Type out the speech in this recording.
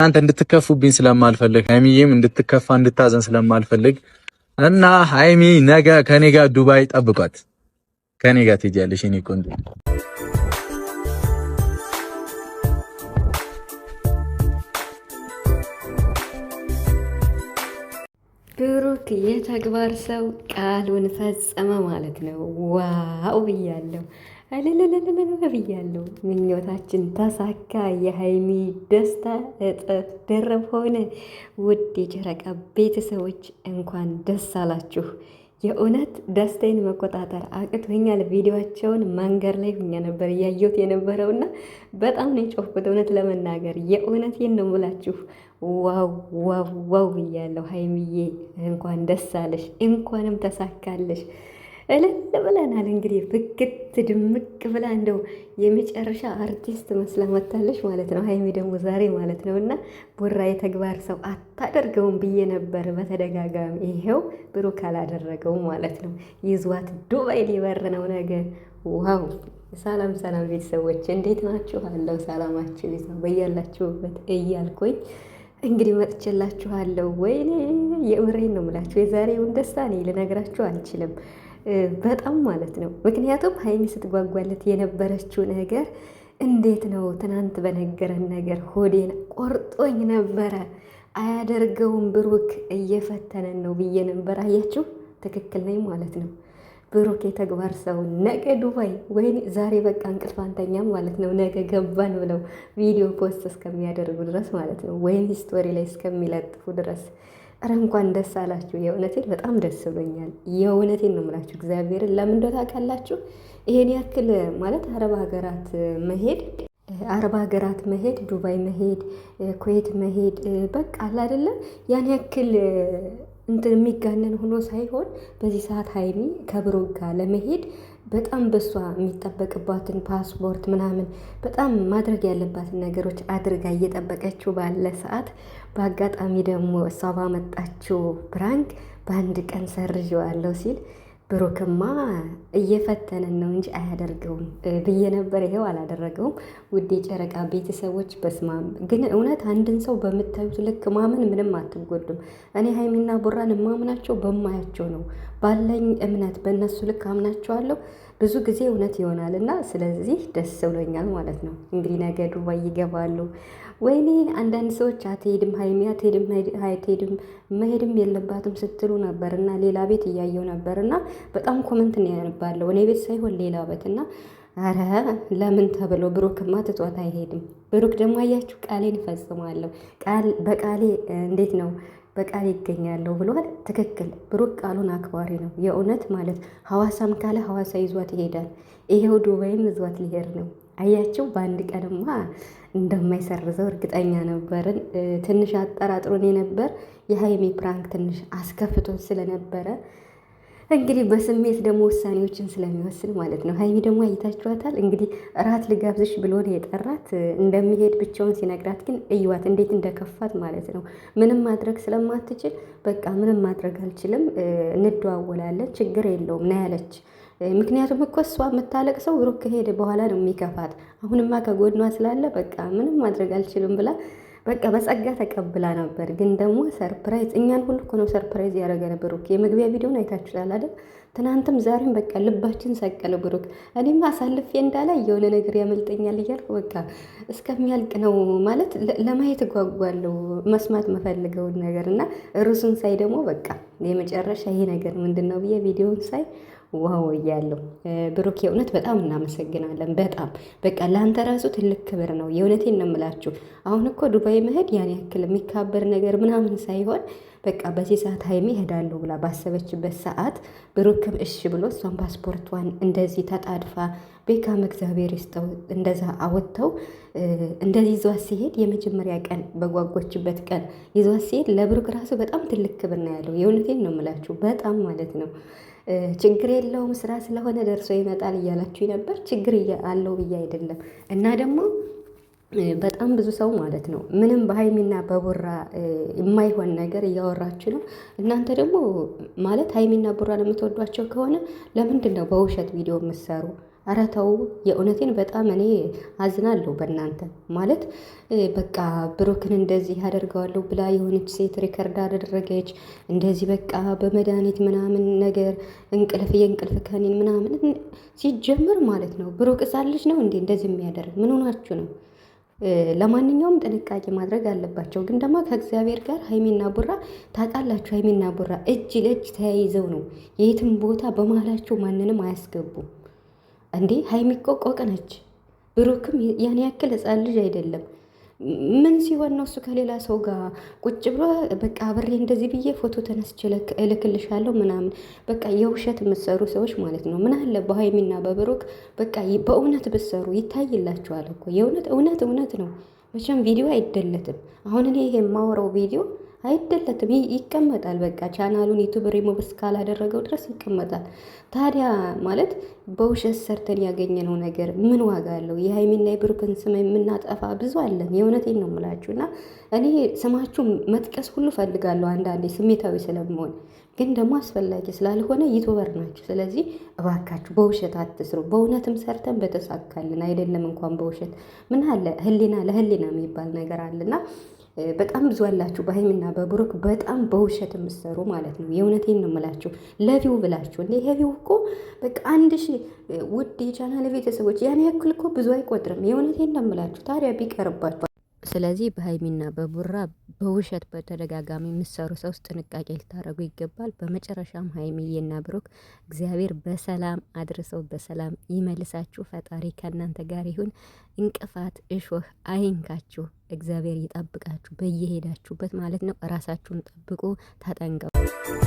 እናንተ እንድትከፉብኝ ስለማልፈልግ ሀይሚዬም እንድትከፋ እንድታዘን ስለማልፈልግ እና ሀይሚ ነገ ከኔ ጋር ዱባይ ጠብቋት። ከኔ ጋር ትሄጃለሽ እኔ ቆንጆ። ብሩክ የተግባር ሰው ቃሉን ፈጸመ ማለት ነው። ዋው ብያለሁ። እልልልልልል ብያለሁ። ምኞታችን ተሳካ። የሀይሚ ደስታ እጥፍ ድርብ ሆነ። ውድ የጨረቃ ቤተሰቦች እንኳን ደስ አላችሁ። የእውነት ደስታዬን መቆጣጠር አቅቶኛል። ቪዲዮቸውን መንገድ ላይ ሁኛ ነበር እያየሁት የነበረውና በጣም ነው የጮፍኩት። እውነት ለመናገር የእውነቴን ነው የምላችሁ። ዋው ዋው ዋው ብያለሁ። ሀይሚዬ እንኳን ደስ አለሽ፣ እንኳንም ተሳካለሽ። እልል ብለናል። እንግዲህ ብክት ድምቅ ብላ እንደው የመጨረሻ አርቲስት መስላ መታለች ማለት ነው። ሀይሚ ደግሞ ዛሬ ማለት ነው እና ቡራ የተግባር ሰው አታደርገውም ብዬ ነበር በተደጋጋሚ ይሄው ብሩክ አላደረገውም ማለት ነው። ይዟት ዱባይ ሊበር ነው ነገ። ዋው ሰላም ሰላም ቤተሰቦች እንዴት ናችሁ? አለው ሰላማችሁ ይዛ በያላችሁበት እያልኩኝ እንግዲህ መጥቼላችኋለሁ። ወይኔ የእምሬን ነው የምላችሁ የዛሬውን ደስታ እኔ ልነግራችሁ አልችልም። በጣም ማለት ነው። ምክንያቱም ሀይሚ ስትጓጓለት የነበረችው ነገር እንዴት ነው? ትናንት በነገረን ነገር ሆዴን ቆርጦኝ ነበረ። አያደርገውም ብሩክ እየፈተነን ነው ብዬ ነበር። አያችሁ፣ ትክክል ነኝ ማለት ነው። ብሩክ የተግባር ሰው ነገ ዱባይ ወይ ዛሬ በቃ እንቅልፍ አንተኛም ማለት ነው። ነገ ገባን ብለው ቪዲዮ ፖስት እስከሚያደርጉ ድረስ ማለት ነው፣ ወይም ስቶሪ ላይ እስከሚለጥፉ ድረስ ኧረ እንኳን ደስ አላችሁ። የእውነቴን በጣም ደስ ብሎኛል። የእውነቴን ነው የምላችሁ እግዚአብሔርን ለምን ታውቃላችሁ፣ ይሄን ያክል ማለት አረብ ሀገራት መሄድ አረብ ሀገራት መሄድ ዱባይ መሄድ ኩዌት መሄድ በቃ አለ አይደለም ያን ያክል እንትን የሚጋነን ሆኖ ሳይሆን በዚህ ሰዓት ሀይሚ ከብሩክ ጋር ለመሄድ በጣም በሷ የሚጠበቅባትን ፓስፖርት ምናምን በጣም ማድረግ ያለባትን ነገሮች አድርጋ እየጠበቀችው ባለ ሰዓት በአጋጣሚ ደግሞ እሷ ባመጣችው ፕራንክ በአንድ ቀን ሰርዤዋለሁ ሲል ብሩክማ እየፈተነን ነው እንጂ አያደርገውም ብዬ ነበር። ይሄው አላደረገውም። ውድ ጨረቃ ቤተሰቦች በስማም ግን እውነት አንድን ሰው በምታዩት ልክ ማመን ምንም አትጎዱም። እኔ ሀይሚና ቡራን የማምናቸው በማያቸው ነው፣ ባለኝ እምነት በእነሱ ልክ አምናቸዋለሁ። ብዙ ጊዜ እውነት ይሆናል እና ስለዚህ ደስ ብሎኛል ማለት ነው። እንግዲህ ነገ ዱባይ ይገባሉ። ወይኔ አንዳንድ ሰዎች አትሄድም ሀይሚ አትሄድም፣ መሄድም የለባትም ስትሉ ነበር እና ሌላ ቤት እያየው ነበር እና በጣም ኮመንት ነው ያነባለው። እኔ ቤት ሳይሆን ሌላ ቤት እና አረ ለምን ተብሎ ብሩክማ ትቷት አይሄድም። ብሩክ ደግሞ አያችሁ ቃሌን እፈጽማለሁ፣ በቃሌ እንዴት ነው በቃል ይገኛለሁ ብሏል። ትክክል ብሩክ ቃሉን አክባሪ ነው፣ የእውነት ማለት ሐዋሳም ካለ ሐዋሳ ይዟት ይሄዳል። ይሄው ዱባይም ይዟት ሊሄድ ነው። አያቸው በአንድ ቀንማ እንደማይሰርዘው እርግጠኛ ነበርን። ትንሽ አጠራጥሮን የነበር የሀይሜ ፕራንክ ትንሽ አስከፍቶት ስለነበረ እንግዲህ በስሜት ደግሞ ውሳኔዎችን ስለሚወስን ማለት ነው። ሀይሚ ደግሞ አይታችኋታል። እንግዲህ እራት ልጋብዝሽ ብሎ የጠራት። እንደሚሄድ ብቻውን ሲነግራት ግን እይዋት እንዴት እንደከፋት ማለት ነው። ምንም ማድረግ ስለማትችል በቃ ምንም ማድረግ አልችልም፣ እንደዋወላለን፣ ችግር የለውም ና ያለች ምክንያቱም እኮ እሷ የምታለቅ ሰው ብሩክ ከሄደ በኋላ ነው የሚከፋት። አሁንማ ከጎድኗ ስላለ በቃ ምንም ማድረግ አልችልም ብላ በቃ በጸጋ ተቀብላ ነበር። ግን ደግሞ ሰርፕራይዝ እኛን ሁሉ እኮ ነው ሰርፕራይዝ ያደረገ ነበር። ኦኬ የመግቢያ ቪዲዮን አይታችሁታል አይደል? ትናንትም ዛሬም በቃ ልባችን ሰቀለ። ብሩክ እኔም አሳልፌ እንዳላይ የሆነ ነገር ያመልጠኛል እያልኩ በቃ እስከሚያልቅ ነው ማለት ለማየት እጓጓለሁ፣ መስማት መፈልገውን ነገር እና ርሱን ሳይ ደግሞ በቃ የመጨረሻ ይሄ ነገር ምንድን ነው ብዬ ቪዲዮን ሳይ ዋው እያለሁ ብሩክ የእውነት በጣም እናመሰግናለን። በጣም በቃ ለአንተ ራሱ ትልቅ ክብር ነው። የእውነቴን ነው የምላችሁ። አሁን እኮ ዱባይ መሄድ ያን ያክል የሚካበር ነገር ምናምን ሳይሆን በቃ በዚህ ሰዓት ሀይሚ እሄዳለሁ ብላ ባሰበችበት ሰዓት ብሩክም እሺ ብሎ እሷን ፓስፖርቷን እንደዚህ ተጣድፋ ቤካም እግዚአብሔር ይስጠው እንደዛ አወጥተው እንደዚህ ይዟት ሲሄድ የመጀመሪያ ቀን በጓጓችበት ቀን ይዟት ሲሄድ ለብሩክ ራሱ በጣም ትልቅ ክብር ነው ያለው። የእውነቴን ነው የምላችሁ በጣም ማለት ነው። ችግር የለውም ስራ ስለሆነ ደርሶ ይመጣል እያላችሁ ነበር። ችግር አለው ብዬ አይደለም እና ደግሞ በጣም ብዙ ሰው ማለት ነው ምንም በሀይሚና በቡራ የማይሆን ነገር እያወራች ነው። እናንተ ደግሞ ማለት ሀይሚና ቡራ ለምትወዷቸው ከሆነ ለምንድን ነው በውሸት ቪዲዮ የምትሰሩ? ኧረ ተው፣ የእውነቴን በጣም እኔ አዝናለሁ በእናንተ ማለት በቃ ብሩክን እንደዚህ ያደርገዋለሁ ብላ የሆነች ሴት ሪከርድ አደረገች። እንደዚህ በቃ በመድኃኒት ምናምን ነገር እንቅልፍ የእንቅልፍ ከኔን ምናምን ሲጀምር ማለት ነው ብሩክ እጻለች ነው እንዴ እንደዚህ የሚያደርግ ምን ሆናችሁ ነው? ለማንኛውም ጥንቃቄ ማድረግ አለባቸው። ግን ደግሞ ከእግዚአብሔር ጋር ሀይሚና ቡራ ታውቃላችሁ፣ ሀይሚና ቡራ እጅ ለእጅ ተያይዘው ነው። የትም ቦታ በመሀላቸው ማንንም አያስገቡም። እንዴ ሀይሚ እኮ ቆቅ ነች፣ ብሩክም ያን ያክል ህፃን ልጅ አይደለም። ምን ሲሆን ነው እሱ ከሌላ ሰው ጋር ቁጭ ብሎ በቃ አብሬ እንደዚህ ብዬ ፎቶ ተነስቼ እልክልሻለሁ ምናምን በቃ የውሸት የምትሰሩ ሰዎች ማለት ነው። ምን አለ በሀይሚና በብሩክ በቃ በእውነት ብትሰሩ ይታይላችኋል እኮ የእውነት እውነት እውነት ነው። መቼም ቪዲዮ አይደለትም። አሁን እኔ ይሄ የማወራው ቪዲዮ አይደለትም። ይቀመጣል በቃ ቻናሉን ዩቱብ ሪሞቭ እስካላደረገው ድረስ ይቀመጣል። ታዲያ ማለት በውሸት ሰርተን ያገኘነው ነገር ምን ዋጋ አለው? የሀይሚና የብሩክን ስም የምናጠፋ ብዙ አለን። የእውነቴን ነው የምላችሁ እና እኔ ስማችሁ መጥቀስ ሁሉ ፈልጋለሁ አንዳንዴ ስሜታዊ ስለመሆን ግን ደግሞ አስፈላጊ ስላልሆነ ዩቱበር ናችሁ። ስለዚህ እባካችሁ በውሸት አትስሩ። በእውነትም ሰርተን በተሳካልን አይደለም እንኳን በውሸት ምን አለ ህሊና ለህሊና የሚባል ነገር አለና በጣም ብዙ አላችሁ በሀይሚና በብሩክ በጣም በውሸት የምትሰሩ ማለት ነው። የእውነቴን ነው የምላችሁ። ለቪው ብላችሁ እንዴ ቪው እኮ በቃ አንድ ሺ ውድ የቻናል ቤተሰቦች ያን ያክል እኮ ብዙ አይቆጥርም። የእውነቴን ነው የምላችሁ። ታዲያ ቢቀርባችሁ ስለዚህ በሀይሚና በቡራ በውሸት በተደጋጋሚ የምትሰሩ ሰዎች ጥንቃቄ ልታደረጉ ይገባል። በመጨረሻም ሀይሚዬና ብሩክ እግዚአብሔር በሰላም አድርሰው በሰላም ይመልሳችሁ። ፈጣሪ ከእናንተ ጋር ይሁን። እንቅፋት እሾህ አይንካችሁ። እግዚአብሔር ይጠብቃችሁ በየሄዳችሁበት ማለት ነው። ራሳችሁን ጠብቁ፣ ተጠንቀቁ።